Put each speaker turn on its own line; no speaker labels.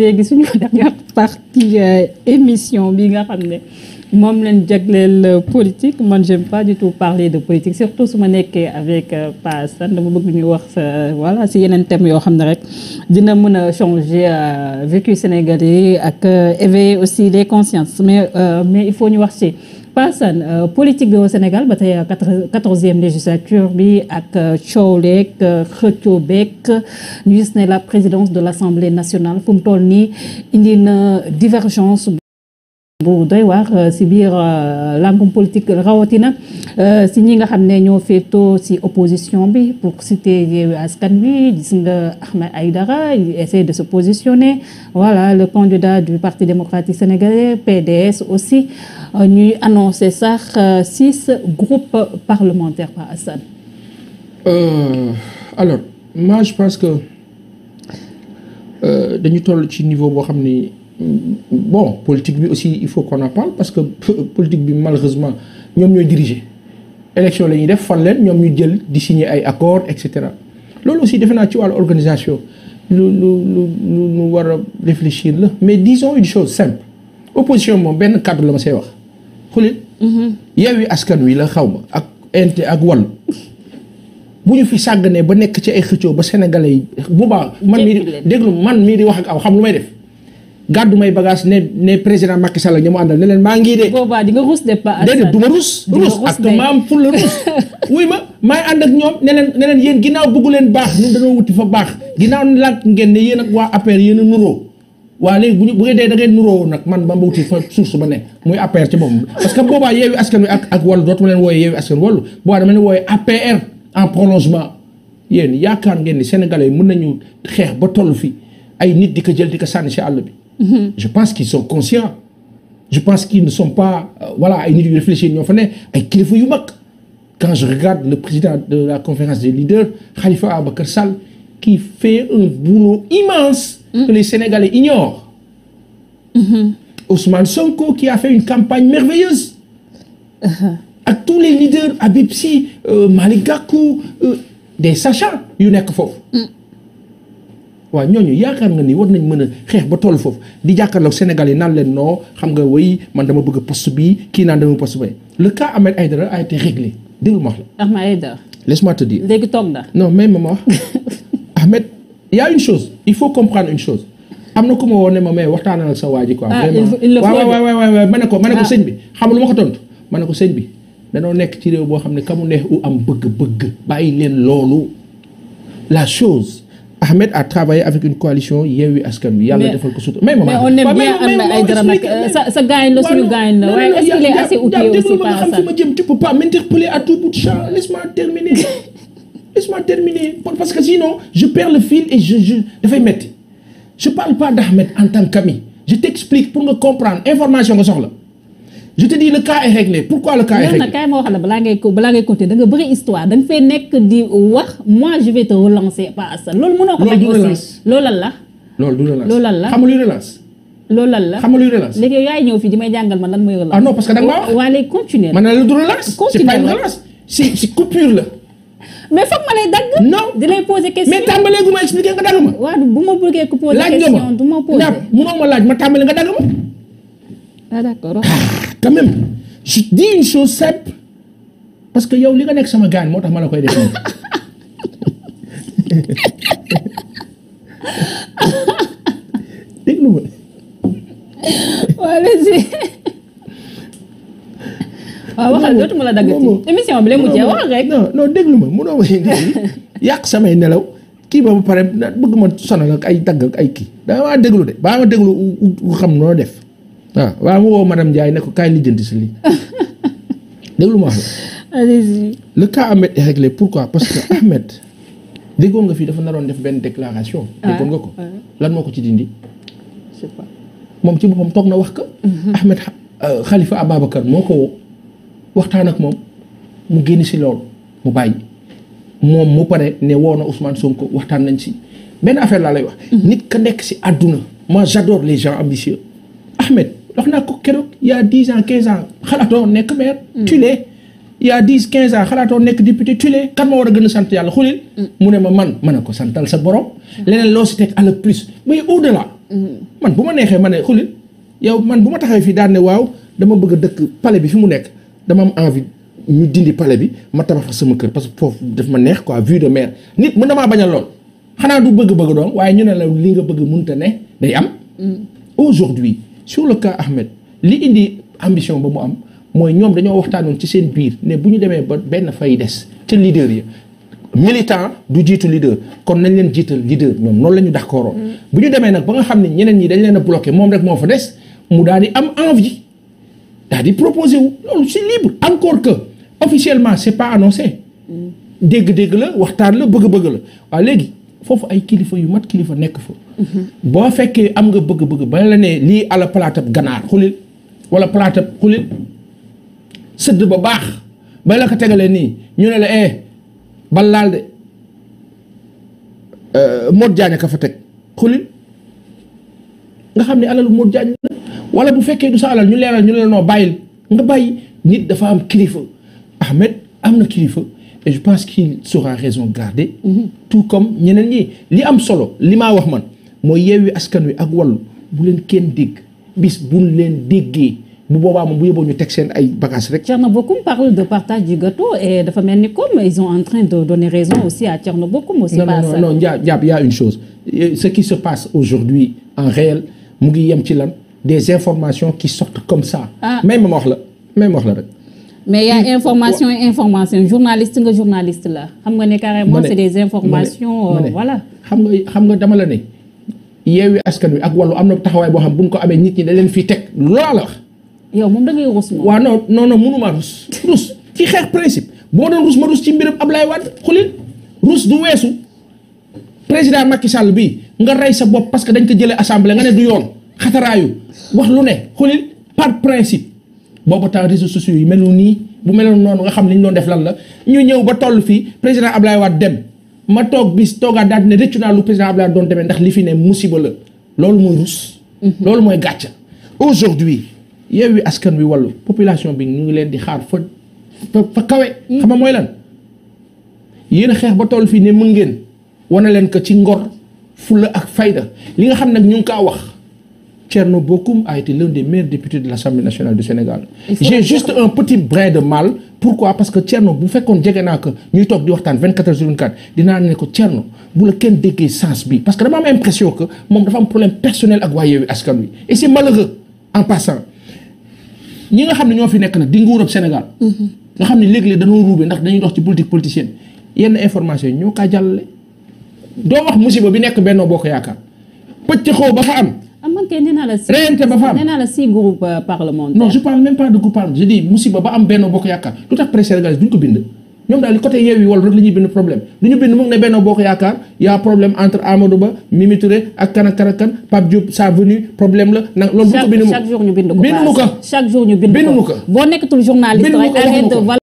léegi suñu ko dernière partie euh, émission bi nga xam ne moom leen jagleel euh, politique man j'aime pas du tout parler de politique surtout su ma nekkee avec euh, Pa Assane dama bëgg ñu wax euh, voilà si yeneen thèmes yoo xam ne rek dina mën a changer vécu sénégalais ak éveiller aussi les consciences mais mais il faut ñu wax si Pa Assane politique bi au Sénégal ba tey quatorzième législature bi ak coow leeg xëccoo beeg ñu gis ne la présidence de l'Assemblée nationale fu mu toll nii indi na divergence bu doy waar euh, si biir euh, làngum politique rawatina euh, si ñi nga xam ne ñoo féetoo si opposition bi pour citer Yewwi Askan Wi gis nga Ahmed Aïdara il essaie de se positionner voilà le candidat du Parti démocratique sénégalais PDS aussi ñuy annoncer sax six groupe parlementaires par Assane.
alors moi je dañu toll ci niveau boo xam bon politique bi aussi il faut qu'on en parle parce que politique bi malheureusement ñoom ñooy diriger élection la ñuy def fan leen ñoom ñu jël di signer ay accords et cetera loolu aussi defe naa ci wàllu organisation lu lu lu lu war a la mais disons une chose simple opposition moom benn kàddu la ma say wax xulil mhm. Yewwi Askan Wi la xaw ma ak int ak wàllu bu ñu fi sàgganee ba nekk ci ay xëccoo ba sénégalais yi baax man mii di déglu man mii di wax ak aw xam lu may def gàddu may bagage ne ne président Macky Sall ña mu àndal ne leen maa ngi de. boobaa di nga rus de pas. déedéet du ma rus. ak ma am ful rus. wuy ma maay ànd ak ñoom ne leen ne yéen ginnaaw bëggu leen baax ñun dañoo wuti fa baax ginnaaw laaj ngeen ne yéen ak waa APR yéen a nuroo waa léegi bu dee da ngeen nuroo nag man ba ma wuti fa source ba ne muy APR ci moom parce que boobaa yeewi askan wi ak ak wàllu dootuma leen wooyee yeewi askan wàllu boobaa dama leen wooyee APR en prolongement yéen yaakaar ngeen ni sénégalais mën nañu xeex ba toll fi ay nit di ko jël di ko sànni si àll bi Mm -hmm. je pense qu'ils sont conscients je pense qu'ils ne sont pas euh, voilà ay nit yu réfléchir ñoo fa ne ay kilifa yu mag quand je regarde le président de la conférence des leaders Khalifa Ababacar Sall qui fait un boulot immense mm -hmm. que les Sénégalais ignorent mm Sonko qui a fait une campagne merveilleuse uh ak tous les leaders Habib Sy euh, euh des sachants yu nekk foofu mm. waaw ñooñu yaakaar nga ni war nañ mën a xeex ba toll foofu di jàkkaarloog Sénégal yi naan leen noo xam nga way man dama bëgg post bi kii naan dama post bi le cas Ahmed Aïdara a été réglé déglu ma la.
Ahmed Aïdara. laisse-moi te dire léegi toog na.
non mais ma wax Ahmed y chose il faut comprendre une am na ku ma woo ne ma mais waxtaanal sa waa ji ah, ma ne ma ne ko ah. sëñ xam lu ma ko tontu ma ne ko sëñ bi danoo nekk ci réew boo xam ne ka mu neex u am bëgg-bëgg bàyyi leen loolu la chose. Ahmed a travaillé avec une coalition Yewwi Askan Wi. yàlla defal ko sutura mais mais on aime bien Ahmed Aïdara nag sa sa gaañ la suñu gaañ la waaye est-ce qu'il est assez ma jëm tu peux pas m'interpeller tout bout de champ laisse-moi terminer laisse-moi que sinon je perds le fil et je je dafay je parle pas d'Ahmed en tant qu'ami je t'explique pour nga comprendre information nga soxla. je te dis le cas est réglé pourquoi le cas est réglé. kaay
ma wax la balaa ngay balaa ngay compter da nga bëri histoire da nga nekk di wax moi je vais te relancer loolu mënoo ko. loolu la.
loolu du relance la la xam nga luy relance.
fii di may jàngal ma lan mooy relance. ah non parce que la mais foog ma lay dagg.
non di lay poser question mais tàmbalee gu ma expliqué nga dagg ma. bu ma bëggee ko poser question du ma poser laaj nga ma mënoo laaj ma tàmbalee nga dagg quand même je dis une chose que yow li nga nekk sama gaan moo tax ma la koy def
déglu ma. wala si.
waaw la daggati émission bi la mujjee wax rek. non non yàq samay nelaw kii ba pare bëgg ma sonal ak ay dagg ak ay kii daa maa déglu de baa ma déglu xam noo def. waaw waaw mu woo madame ne ko kaa lijjanti si lii déglu ma wax pourquoi parce que Ahmed déggoon nga fii dafa naroon def benn déclaration. déggoon nga ko lan moo ko ci dindi. je sais pas moom ci boppam toog na wax ko. Mhm. Ahmed euh, Khalifa Ababacar moo ko waxtaan ak moom mu génn si lool mu bàyyi moom mu pare ne woo na Ousmane Sonko waxtaan nañ si benn affaire laa lay wax. Mhm. nit ka nekk si àdduna. moi j'adore les gens ambitieux Ahmed. wax naa ko keroog il y a quinze ans xalaatoo nekk maire. Mm. tu l'es il y a quinze ans xalaatoo nekk député tu l'es ma war a gën a sant yàlla xulil. Mm. mu ne ma man ma ne ko santal sa borom. Mm. leneen loo si teg à le plus mais au delà. man bu ma neexee ma ne xulil yow man bu ma taxee fii daan ne waaw dama bëgg dëkk pale bi fi mu nekk dama am envie. ñu dindi pale bi ma tabax fa sama kër parce que foofu daf ma neex quoi vue de mer nit mën na maa bañal lool xanaa du bëgg-bëgg doon waaye ñu ne la li nga bëgg mënta ne day am. aujourd'hui sur le cas Ahmed li indi ambition ba mu am mooy ñoom dañoo waxtaanoon ci seen biir ne bu ñu demee ba benn fay des ca leader yi militant du jiitu leader kon nañ leen jiital leader ñoom noonu la ñu d'accord mm. bu ñu demee nag ba nga xam ne ñeneen ñi dañ leen a moom rek moo fa des mu daal di am envie daal di proposé wu loolu c'est libre encore que officiellement c'est pas annoncé mm. dégg-dégg la waxtaan la bëgg-bëgg la waaw léegi foofu ay kilifa yu mat kilifa nekk fa. Mhm. boo fekkee am nga bëgg-bëgg ba la ne lii ala palaatab ganaar xulil wala palaatab xulil sëdd ba baax ba la ko tegalee nii ñu ne la eh bal laal de euh, Modou Diagne ka fa teg xulil nga xam ne alalu Modou Diagne la bu fekkee du sa alal ñu leeral ñu ne la noo bàyyil nga bàyyi nit dafa am kilifa Ahmed am na kilifa. et je pense qu'il saura raison garder. Mhm. tout comme ñeneen ñi li am solo li maa wax man mooy yeewi askan wi ak wàllu bu leen kenn dégg bis bu leen déggee. bu boobaa moom bu yóbboo ñu teg seen ay bagages
rek. Thierno Bocoum parle de partage du gâteau dafa mel ni comme ils sont en train de donner raison aussi à Thierno
Bocoum. aussi non non non Ndiab Ndiab y a une chose ce en réel yem ci lan des informations qui sortent comme ça. ah même ma wax la même ma wax la rek.
mais y' information ouais. information journaliste nga journaliste la xam nga ne carrément c'est des informations euh,
xam nga xam nga dama la ne. yeewi askan wi ak wàllu am na taxawaay boo xam bu ñu ko amee nit ñi da leen fii teg loola la yow moom da ngay rus moom. waaw non non non mënuma ci xeex principe boo doon rus ma rus ci mbiram Ablaye Wade xulil rus du weesu président Macky Sall bii nga rey sa bopp parce que dañ ko jëlee assemblée nga ne du yoon xataraayu wax lu ne xulil par principe. boobu temps réseaux sociaux yi melu nii bu meloon noonu nga xam li ñu doon def lan la ñu ñëw ba toll fii président Ablaye Wade dem ma toog bis toogaat daal dina rëccu naa lu président Ablaye doon demee ndax li fi ne musiba la loolu mooy rus. Mhm. loolu mooy gàcca aujourd'hui Yewwi Askan Wi Wallu population bi ñu ngi leen di xaar fa fa kawe. Mhm. xam mooy lan yéen xeex ba toll fii ne mën ngeen wane leen ko ci ngor fulla ak fayda li nga xam ne ñu ngi kaa wax. Tcherno Bokoum a été l'un des meilleurs députés de l'Assemblée nationale du Sénégal. J'ai juste un petit brin de mal. Pourquoi parce que Tcherno bu fekkoon jege naa ko ñuy toog di waxtaan 24 heures sur 24 dinaa ne ko Tcherno bu la kenn déggee sens bi parce que dama am impression que moom dafa am problème personnel ak waa Yewwi Askan Wi et c'est malheureux en passant ñi nga xam ne ñoo fi nekk nag di nguurab Sénégal. nga xam ne léeg-léeg dañoo ruube ndax dañuy dox ci politique politicienne yenn information yi ñoo kaa jàllale. doo wax musiba bi nekk Benno Bokk Yaakaar pëcc xaw ba fa am. Ah,
man kay nee la si am nee
naa groupe euh, parlementaire. non je parle même de groupe parlementaire je dis musiba ba am benn bokk yaakaar lu tax presse sénégalaise duñ ko bind. ñoom daal côté yeew yi wala rek la bind problème lu bind moom ne benn bokk yaakaar y' problème entre Amadou Ba Mimi ak kan ak kan ak kan sa venu problème la. na loolu bu ko bind moom
boo nekkatul journaliste rek arrête de